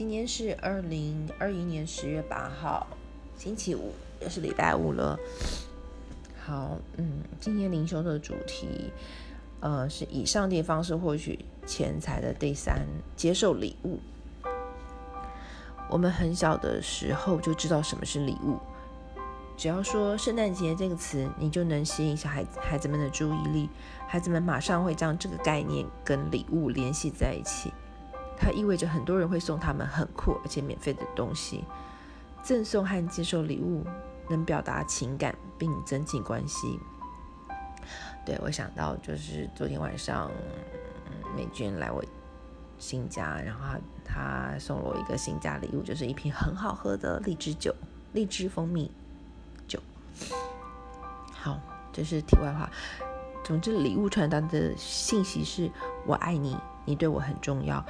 今天是二零二一年十月八號，星期五，也是禮拜五了。好，嗯，今天靈修的主題，呃，是以上帝方式獲取錢財的第三，接受禮物。我們很小的時候就知道什麼是禮物，只要說聖誕節這個詞，你就能吸引小孩孩子們的注意力，孩子們馬上會將這個概念跟禮物聯繫在一起。它意味着很多人會送他們很酷而且免費的東西。贈送和接受禮物能表達情感並增進關係。對，我想到就是昨天晚上美娟來我新家，然後她她送了我一個新家禮物，就是一瓶很好喝的荔枝酒，荔枝蜂蜜酒。好，這是題外話。總之，禮物傳達的信息是：我愛你，你對我很重要。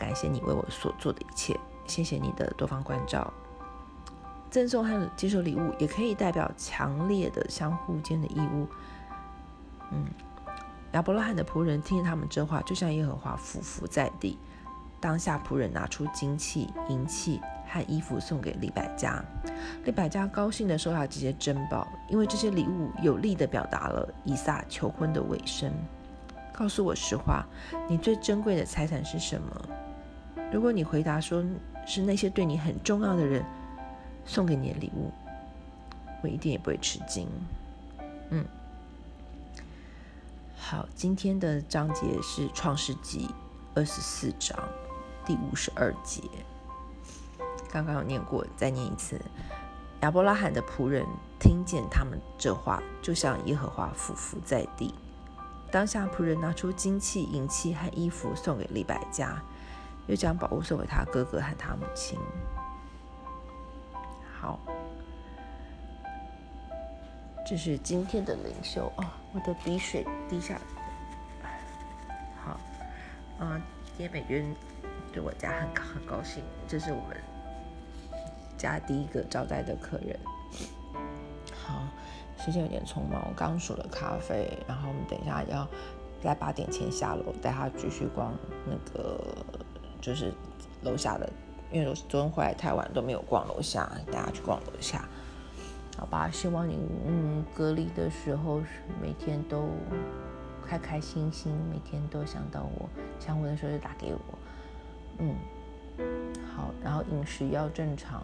感謝你為我所做的一切，謝謝你的多方關照。贈送和接受禮物也可以代表強烈的相互間的義務。嗯，亞伯拉罕的僕人聽見他們這話，就向耶和華俯伏在地。當下，僕人拿出金器、銀器和衣服送給利百加，利百加高興地收下這些珍寶，因為這些禮物有力地表達了以撒求婚的委身。告訴我實話，你最珍貴的財產是什麼？如果你回答說是那些對你很重要的人送給你的禮物，我一點也不會吃驚。嗯，好，今天的章節是《創世紀》二十四章第五十二節。剛剛有念過，再念一次。亞伯拉罕的僕人聽見他們這話，就向耶和華俯伏在地。當下，僕人拿出金器、銀器和衣服，送給利百加。就將寶物送給他哥哥和他母親。好，這是今天的靈修哦。我的鼻水滴下來。好，嗯，今天美軍對我家很很高興，這是我們家第一個招待的客人。好，時間有點匆忙，我剛煮了咖啡，然後我們等一下要在八點前下樓帶他繼續逛那個。就是樓下的，因為我昨天回來太晚，都沒有逛樓下，大家去逛樓下。好吧，希望你嗯隔離的時候是每天都開開心心，每天都想到我，想我的時候就打給我。嗯，好，然後飲食要正常。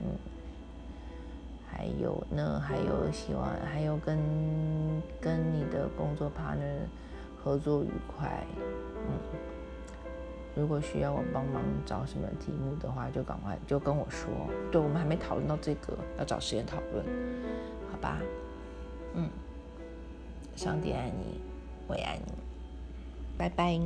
嗯，還有呢，還有希望，還有跟跟你的工作 partner 合作愉快。如果需要我幫忙找什麼題目的話，就趕快就跟我說。對，我們還沒討論到這個，要找時間討論，好吧？嗯，上帝愛你，我也愛你，拜拜。